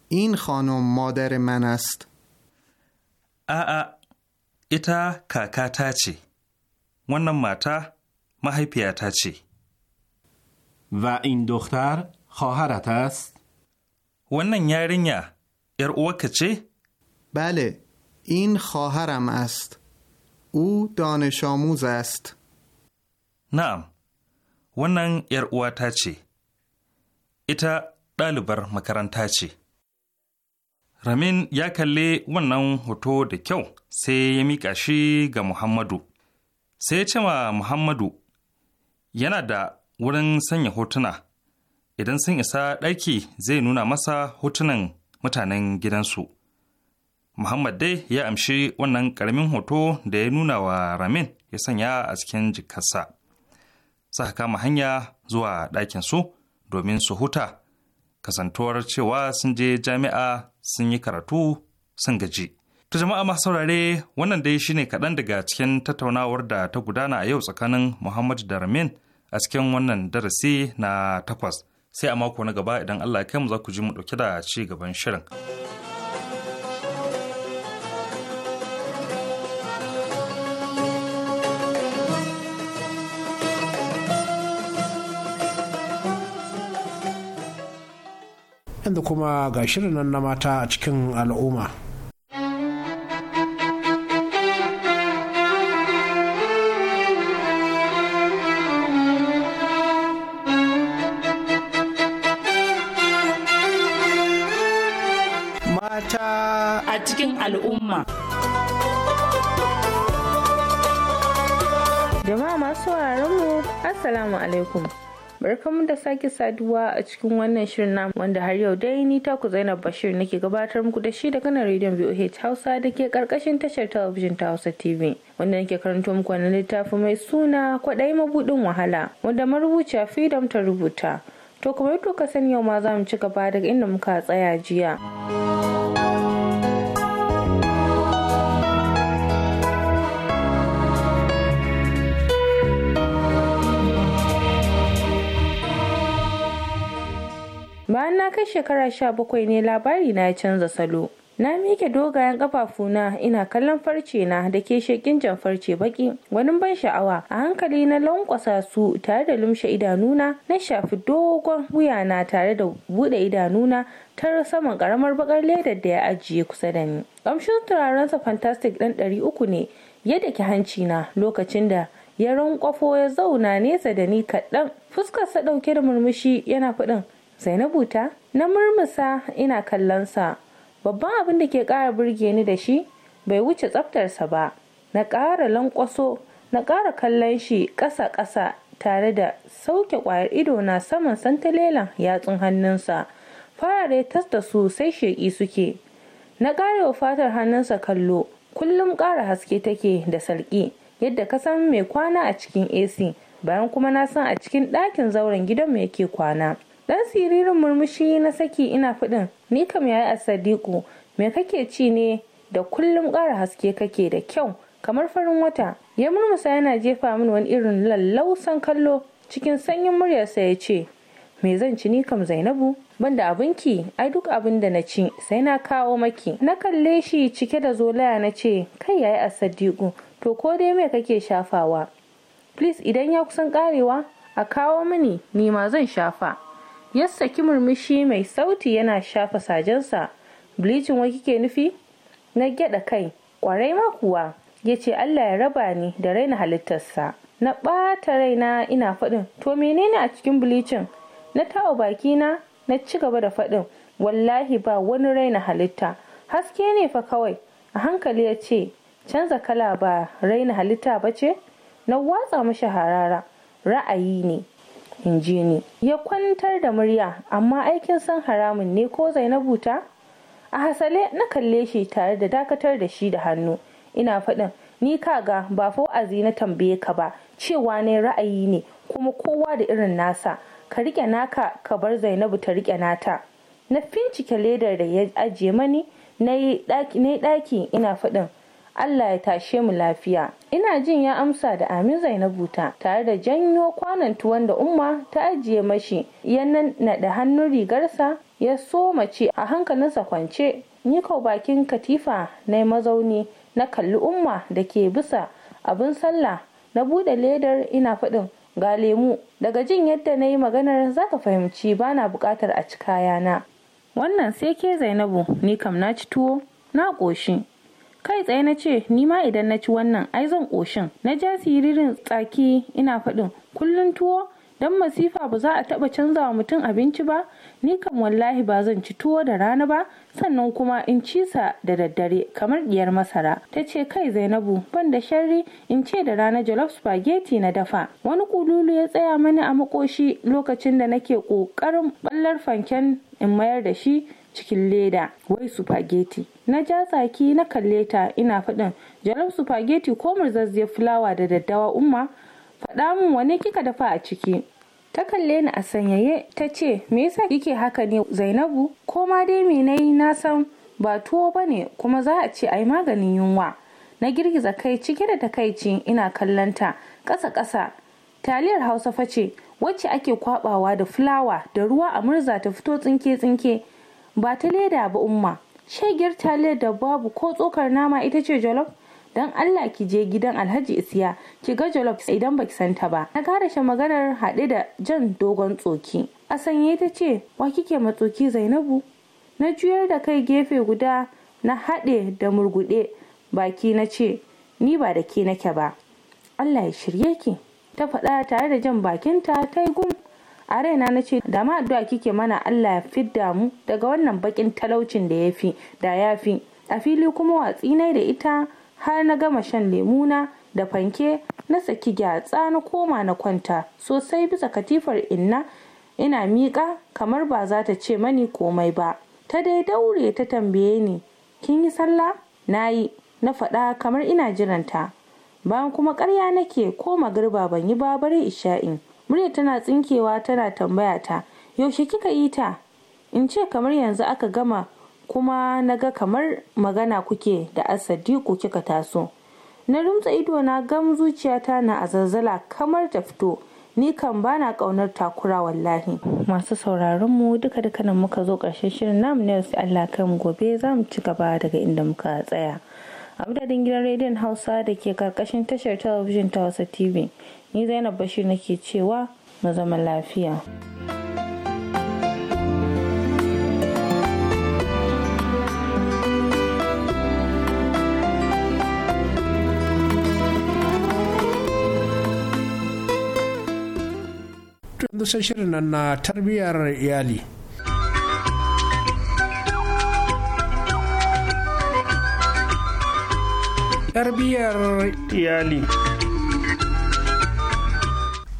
این خانم مادر من است a'a ita kakata ce wannan mata mahaifiyata ce و این دختر خواهرت است؟ ونن یارینیا ار چه؟ بله این خواهرم است او دانش آموز است نعم ونن ار اوتا چه؟ ایتا دالبر مکرانتا چه؟ Ramin ya kalli wannan hoto da kyau sai ya miƙa shi ga Muhammadu. Sai ya ce wa Muhammadu, yana da wurin sanya hotuna idan sun isa ɗaki zai nuna masa hotunan mutanen gidansu muhammad dai ya amshi wannan ƙaramin hoto da ya nuna wa ramin ya sanya a cikin jikarsa saka kama hanya zuwa ɗakinsu domin su huta kasantuwar cewa sun je jami'a sun yi karatu sun gaji. Ta jama'a masu saurare wannan dai shine kaɗan daga cikin tattaunawar da ta gudana a yau tsakanin Muhammad da Ramin a cikin wannan darasi na takwas sai a mako na gaba idan Allah ya kai mu za ku ji mu dauke da ci gaban shirin. Yanzu kuma ga shirin nan na mata a cikin al'umma. a cikin al'umma. Jama'a masu mu Assalamu alaikum. Barkanmu da sake saduwa a cikin wannan shirin namu wanda har yau dai ni ta ku Zainab Bashir nake gabatar muku da shi da kanan rediyon VOH Hausa da ke karkashin tashar talabijin ta Hausa TV. Wanda nake karanto muku wani littafi mai suna kwaɗayi mabuɗin wahala wanda marubuciya Freedom ta rubuta. To kuma yadda ka sani yau ma za mu ci gaba daga inda muka tsaya jiya. shekara sha bakwai ne labari na ya canza salo. Na mike dogayen ƙafafuna ina kallon farce na da ke shekin jan farce baki wani ban sha'awa a hankali na lankwasa su tare da lumshe idanuna na shafi dogon wuyana tare da bude idanuna ta saman karamar bakar ledar da ya ajiye kusa da ni. kamshin turaren sa fantastic ɗan ɗari uku ne yadda ki hanci na lokacin da ya rankwafo ya zauna nesa da ni kaɗan fuskarsa ɗauke da murmushi yana faɗin Zainabu ta na murmusa ina kallonsa babban abin da ke ƙara burge ni da shi bai wuce tsaftarsa ba na ƙara lankwaso na ƙara kallon shi ƙasa-ƙasa tare da sauke ƙwayar ido na saman santalelan yatsun hannunsa farare tas da su sai sheƙi suke na wa fatar hannunsa kallo kullum ƙara haske take da sarki, yadda ka san mai kwana a cikin ac bayan kuma na san a cikin ɗakin zauren gidanmu yake kwana dan siririn murmushi na saki ina faɗin ni kam yayi a sadiku me kake ci ne da kullum ƙara haske kake da kyau kamar farin wata ya murmusa yana jefa min wani irin lallausan kallo cikin sanyin muryarsa ya ce me zan ci ni kam zainabu banda abinki ai duk abin da na ci sai na kawo maki na kalle shi cike da zolaya na ce kai yayi a sadiku to ko dai me kake shafawa please idan ya kusan karewa a kawo mini ni ma zan shafa ya saki murmushi mai sauti yana shafa sajensa bleaching wa kike nufi na gyada kai kwarai ma kuwa ya ce allah ya raba ni da raina halittarsa na ɓata raina ina faɗin to menene a cikin bleaching na tawo bakina na ci gaba da faɗin wallahi ba wani raina halitta haske ne fa kawai a hankali ya ce canza kala ba raina halitta ba ce na watsa mashi harara ra'ayi ne in ji ni ya kwantar da murya amma aikin san haramun ne ko zainabu ta a hasale na kalle shi tare da dakatar da shi da hannu ina faɗin ni kaga ba fa wa'azi na tambaye ka ba cewa ne ra'ayi ne kuma kowa da irin nasa ka rike naka ka bar zainabu ta rike nata na fincike ledar da ya ajiye mani na yi ɗaki ina faɗin Allah ya tashe mu lafiya. Ina jin ya amsa da Amin Zainabu ta tare da janyo kwanan tuwon da Umma ta ajiye mashi ya naɗa hannun rigarsa ya so mace a hankalinsa kwance. Ni kau bakin katifa na mazauni na kalli Umma da ke bisa abin sallah na buɗe ledar ina faɗin ga lemu daga jin yadda na yi maganar za ka fahimci bana na buƙatar a ci yana. Wannan sai ke Zainabu ni kam na ci tuwo na ƙoshi kai tsaye na ce ni ma idan na ci wannan ai zan ƙoshin na ja siririn tsaki ina faɗin kullun tuwo don masifa ba za a taɓa canza wa mutum abinci ba ni kan wallahi ba zan ci tuwo da rana ba sannan kuma in ci sa da daddare kamar diyar masara ta ce kai zainabu ban da sharri in ce da rana jollof spaghetti na dafa wani kululu ya tsaya mani a makoshi lokacin da nake ƙoƙarin ballar fanken in mayar da shi cikin leda wai supageti na ja tsaki na kalle ta ina faɗin jalof supageti ko murzazziyar fulawa da daddawa umma faɗa min wane kika dafa a ciki ta kalle ni a sanyaye ta ce me yasa kike haka ne zainabu ko ma dai me nayi na san ba tuwo bane kuma za a ce ai maganin yunwa na girgiza kai cike da takaici ina kallanta ƙasa ƙasa taliyar hausa face wacce ake kwabawa da fulawa da ruwa a murza ta fito tsinke tsinke ba ta leda ba umma shagiyar taliyar da babu ko tsokar nama ita ce jolof don allah ki je gidan alhaji isiya ki ga jolof idan baki santa ba na shi maganar haɗe da jan dogon tsoki a sanye ta ce wa kike matsoki zainabu na juyar da kai gefe guda na haɗe da murguɗe baki na ce ni ba da ke nake ba allah ya shirye ki ta faɗa tare da jan bakinta ta yi gum a raina na ce da ma addu'a kike mana Allah ya fidda mu daga wannan bakin talaucin da ya fi da ya a fili kuma watsi nai da ita har na gama shan lemuna da fanke na saki gyatsa na koma na kwanta sosai bisa katifar inna ina miƙa kamar ba za ta ce mani komai ba ta dai daure ta tambaye ni kin yi sallah na yi na faɗa kamar ina jiranta bayan kuma ƙarya nake ko magarba ban yi babare isha'i. isha'in murya tana tsinkewa tana tambaya ta yaushe kika yi ta in ce kamar yanzu aka gama kuma na ga kamar magana kuke da asadiku kika taso na rumtsa ido na gam zuciyata na a zazzala kamar ta fito ni kan bana kaunar takura wallahi masu sauraron mu duka duka nan muka zo ƙarshen shirin nam ne Allah kan gobe za mu ci gaba daga inda muka tsaya a madadin gidan rediyon hausa da ke karkashin tashar talabijin ta hausa tv ni zainab bashir nake cewa mu zama lafiya yanzu shirin nan na tarbiyyar iyali tarbiyyar iyali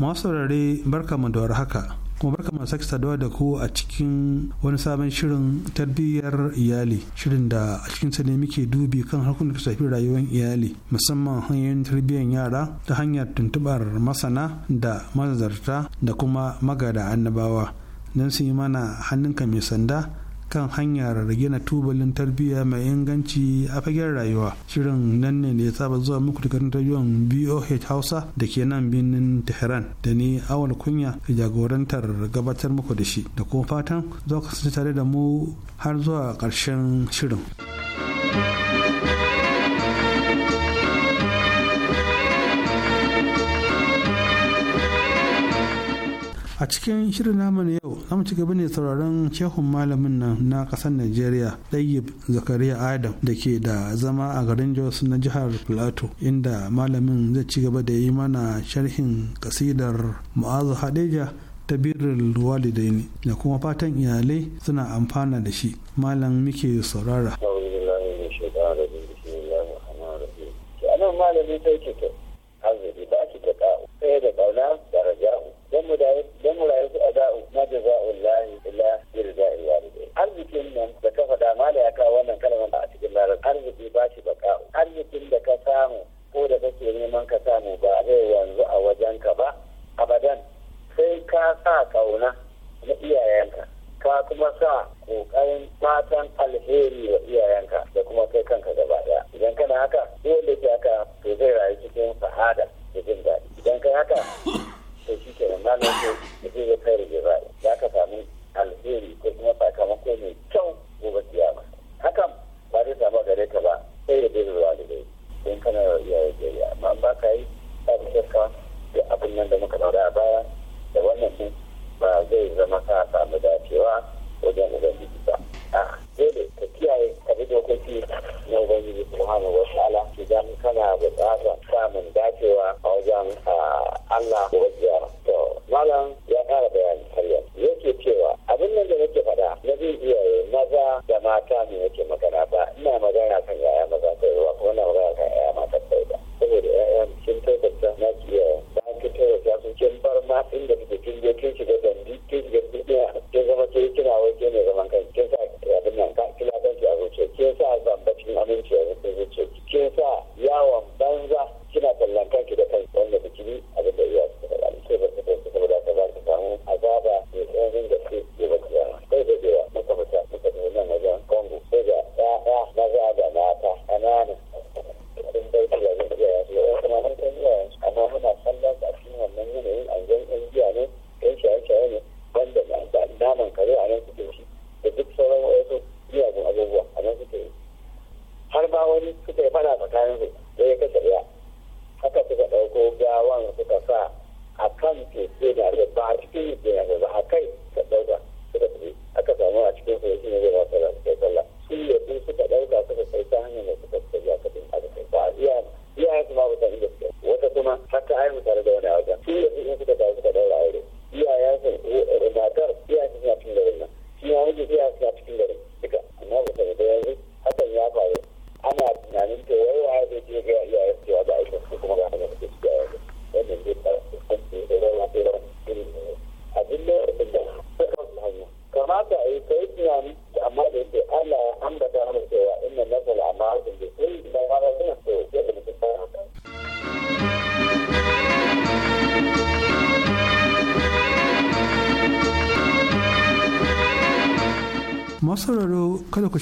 masu saurare barka mu da haka kuma barka mu sake saduwa da ku a cikin wani sabon shirin tarbiyyar iyali shirin da a cikin sa ne muke dubi kan harkokin da shafi rayuwar iyali musamman hanyoyin tarbiyyar yara ta hanyar tuntubar masana da mazarta da kuma magada annabawa don su yi mana hannunka mai sanda kan hanyar gina tubalin tarbiyya mai inganci a fagen rayuwa shirin nan ne da ya saba zuwa muku daga radiyon boh hausa da ke nan birnin tehran da ni awal kunya ke jagorantar gabatar muku da shi da kuma fatan za ku tare da mu har zuwa ƙarshen shirin. a cikin shirin namu yau za mu ci gaba ne sauraron shehun malamin nan na ƙasar najeriya ɗayyib zakariya adam da ke da zama a garin jos na jihar plateau inda malamin zai ci gaba da yi mana sharhin kasidar mu'azu hadeja ta birrul walidaini da kuma fatan iyalai suna amfana da shi malam muke saurara malami sai ke ta arziki ba ki ta ƙa'u sai da ƙauna da raja'u don mu da mala ya kawo wannan kalmar a cikin larar arziki ba shi baka arzikin da ka samu ko da kake neman ka samu ba zai yanzu a wajen ka ba abadan sai ka sa kauna na iyayenka ka kuma sa kokarin fatan alheri wa iyayenka da kuma kai kanka gaba daya idan kana haka dole ke haka to zai rayu cikin sa'ada da jin daɗi idan kai haka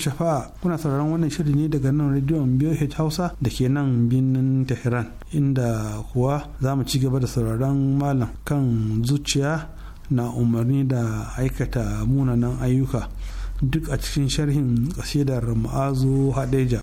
shafa'a kuna sauraron wannan shirin ne daga nan rediyon BOH Hausa da ke nan birnin Tehran inda kuwa za mu ci gaba da sauraron malam kan zuciya na umarni da aikata munanan ayyuka duk a cikin sharhin kasidar ma'azu hadeja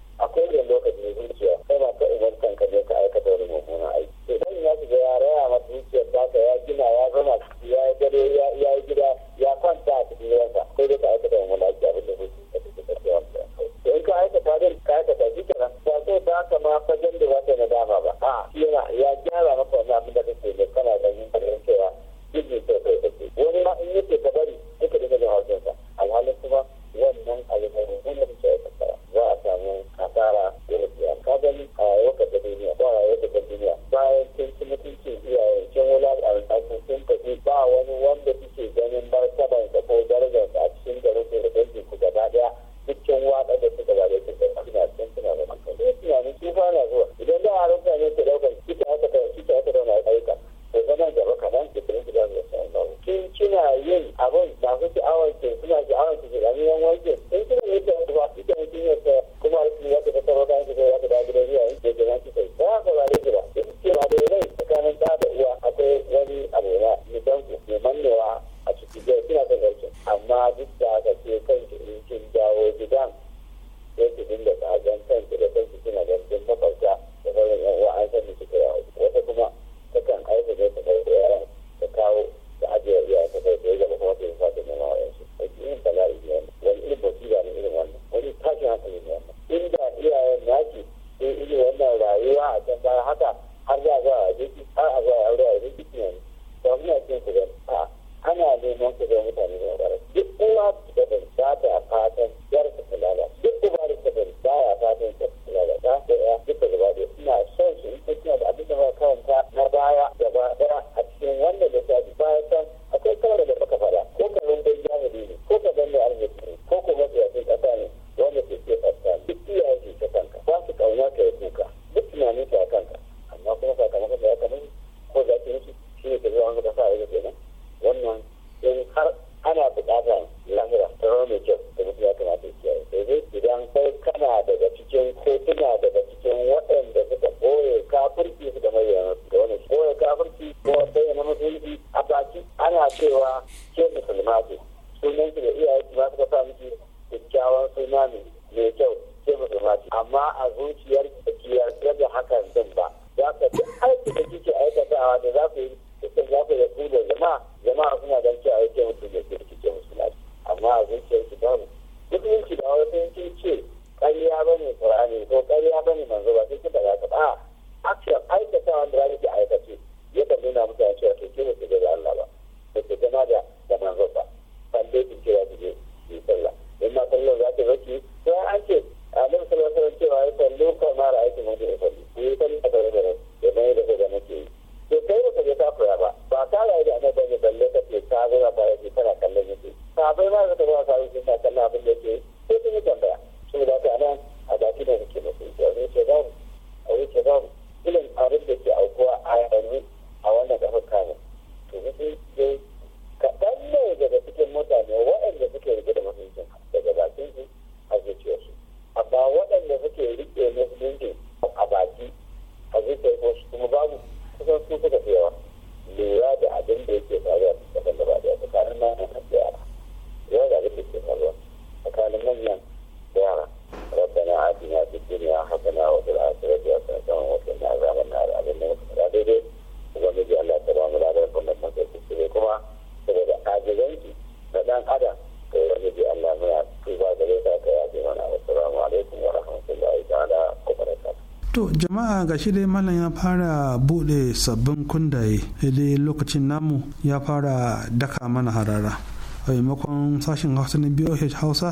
ga shi dai malam ya fara bude sabbin kundaye dai lokacin namu ya fara daka mana harara a maimakon sashen hausa na boh hausa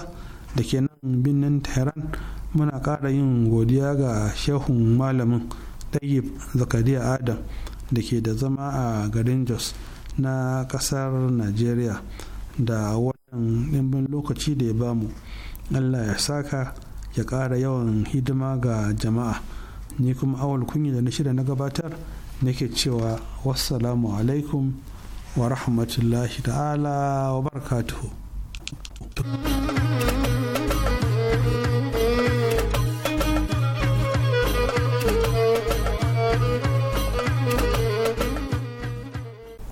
da ke nan birnin tehran muna kara yin godiya ga shehun malamin tayyib zakariya adam da ke da zama a garin jos na kasar nigeria da wannan ɗimbin lokaci da ya bamu allah ya saka ya ƙara yawan hidima ga jama'a ni kuma awal kunyi da na shida na gabatar nake cewa wassalamu alaikum wa rahmatullahi ta'ala wa barakatuhu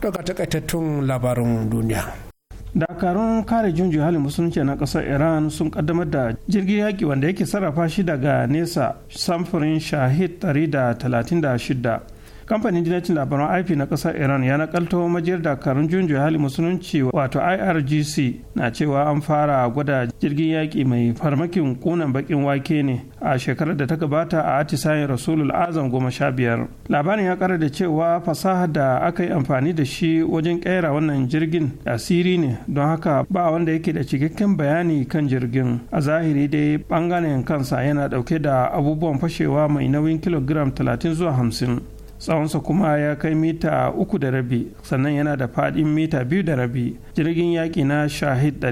daga takaitattun labarin duniya dakarun kare junju halin musulunci na kasar iran sun kaddamar da jirgin yaƙi wanda yake sarrafa shi daga nesa samfurin shahid 136 kamfanin dinacin labaran ip na kasar iran ya nakalto majiyar dakarun junjo hali musulunci wato irgc na cewa an fara gwada jirgin yaƙi mai farmakin kunan bakin wake ne a shekarar da ta gabata a atisayin rasulul azam goma sha biyar labarin ya kara da cewa fasaha da aka yi amfani da shi wajen kera wannan jirgin asiri ne don haka ba wanda yake da cikakken bayani kan jirgin a zahiri dai bangaren kansa yana dauke da abubuwan fashewa mai nauyin kilogiram 30 zuwa 50 tsawonsa kuma ya kai mita uku da rabi sannan yana da faɗin mita biyu da rabi jirgin yaƙi na shahid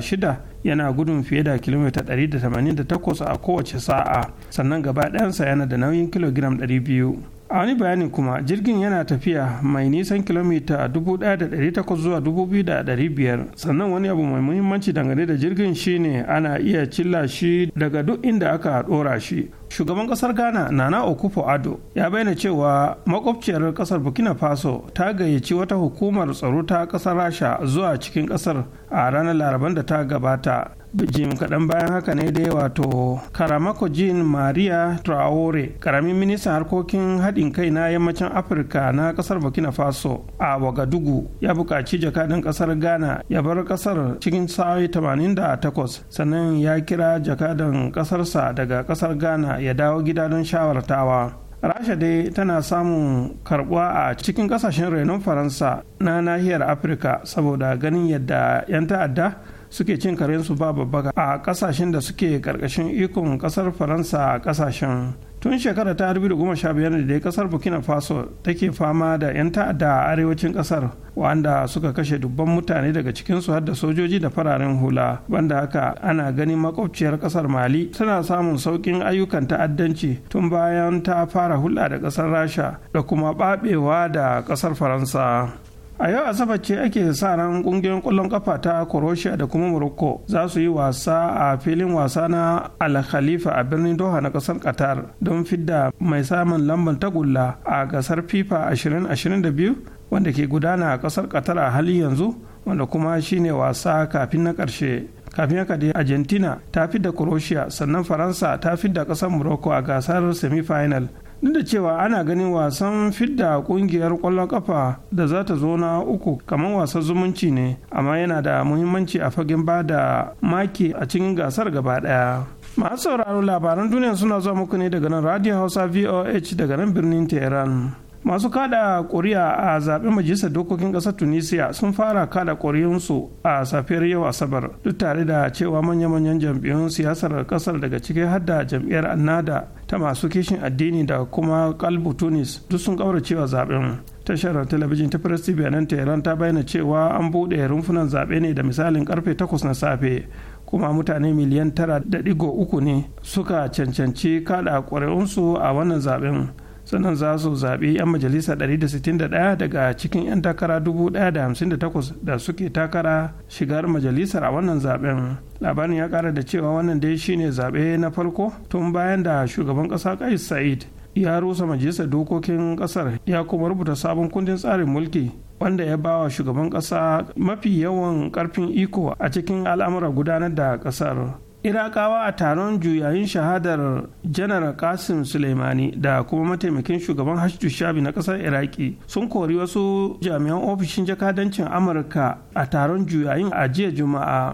shida yana gudun fiye da kilomita 188 a kowace sa'a sannan gaba ɗayansa yana da nauyin kilogiram 200 a wani bayanin kuma jirgin yana tafiya mai nisan kilomita 1,800 zuwa 2,500 sannan wani abu mai muhimmanci dangane da jirgin shine ana iya cilla shi daga duk inda aka dora shi shugaban kasar ghana nana okufo ado ya bayyana cewa makwabciyar kasar burkina faso ta gayyaci wata hukumar tsaro ta kasar rasha zuwa cikin kasar a ranar laraban da ta gabata jim kaɗan bayan haka ne dai wato karamako jean maria traore karamin ministan harkokin haɗin kai na yammacin afirka na ƙasar burkina faso a wagadugu ya buƙaci jakadan ƙasar ghana ya bar ƙasar cikin sa'o'i 88 sannan ya kira jakadan ƙasarsa daga ƙasar ghana ya dawo gida don shawartawa rasha dai tana samun karbuwa a cikin kasashen renon faransa na nahiyar afirka saboda ganin yadda 'yan ta'adda suke cin karensu ba babbaka a kasashen da suke karkashin ikon kasar faransa a kasashen tun shekara ta 2015 da kasar burkina faso take fama da 'yan ta'adda a arewacin kasar wanda suka kashe dubban mutane daga cikinsu har da sojoji da fararen hula banda haka ana ganin makwabciyar kasar mali tana samun saukin ayyukan ta'addanci tun bayan ta fara hula da kasar rasha da kuma babewa da kasar faransa a yau asabar ce ake sa ran kungiyoyin kwallon kafa ta croatia da kuma morocco za su yi wasa a filin wasa na al a birnin doha na kasar qatar don fidda mai samun lambar tagulla a gasar fifa 2022 wanda ke gudana a kasar qatar a halin yanzu wanda kuma shine wasa kafin na karshe kafin haka dai argentina ta fidda croatia sannan faransa ta fidda kasar morocco a gasar semifinal. duk da cewa ana ganin wasan fidda kungiyar kwallon kafa da za ta zo na uku kamar wasan zumunci ne amma yana da muhimmanci a fagen ba da maki a cikin gasar gaba daya masu sauraro labaran duniya suna zuwa muku ne daga nan radio hausa voh daga nan birnin tehran masu kada ƙuri'a a zaɓen majalisar dokokin ƙasar tunisia sun fara kada ƙuri'unsu a safiyar yau asabar duk tare da cewa manya-manyan jam'iyyun siyasar ƙasar daga ciki har da jam'iyyar annada ta masu kishin addini da kuma kalbu tunis duk sun cewa zaɓen tashar talabijin ta press tv nan tehran ta bayyana cewa an buɗe rumfunan zaɓe ne da misalin karfe 8 na safe kuma mutane miliyan tara da ɗigo uku ne suka cancanci kada ƙuri'unsu a wannan zaɓen sannan za su zaɓi 'yan majalisa 161 daga cikin 'yan takara 1,058 da suke takara shigar majalisar a wannan zaɓen labarin ya ƙara da cewa wannan dai shine zaɓe na farko tun bayan da shugaban ƙasa kais sa'id ya rusa majalisar dokokin ƙasar ya kuma rubuta sabon kundin tsarin mulki wanda ya bawa shugaban ƙasa mafi yawan ƙarfin iko a cikin al'amura gudanar da ƙasar irakawa a taron juyayin shahadar janar kasim suleimani da kuma mataimakin shugaban hashdu shabi na kasar iraki sun kori wasu jami'an ofishin jakadancin amurka a taron juyayin a jiya juma'a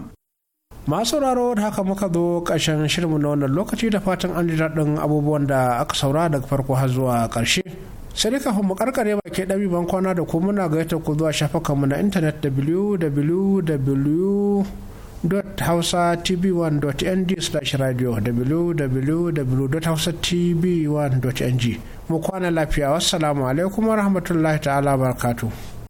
masu raro da haka muka zo ƙarshen shirinmu na wannan lokaci da fatan an ji daɗin abubuwan da aka saura daga farko har zuwa ƙarshe sai dai kafin mu karkare baki ɗabi ban kwana da ku muna gaita ku zuwa shafukanmu na intanet www www.hausatv1.ng/radio www.hausatv1.ng mu kwana lafiya wassalamu alaikum warahmatullahi ta'ala barakatuh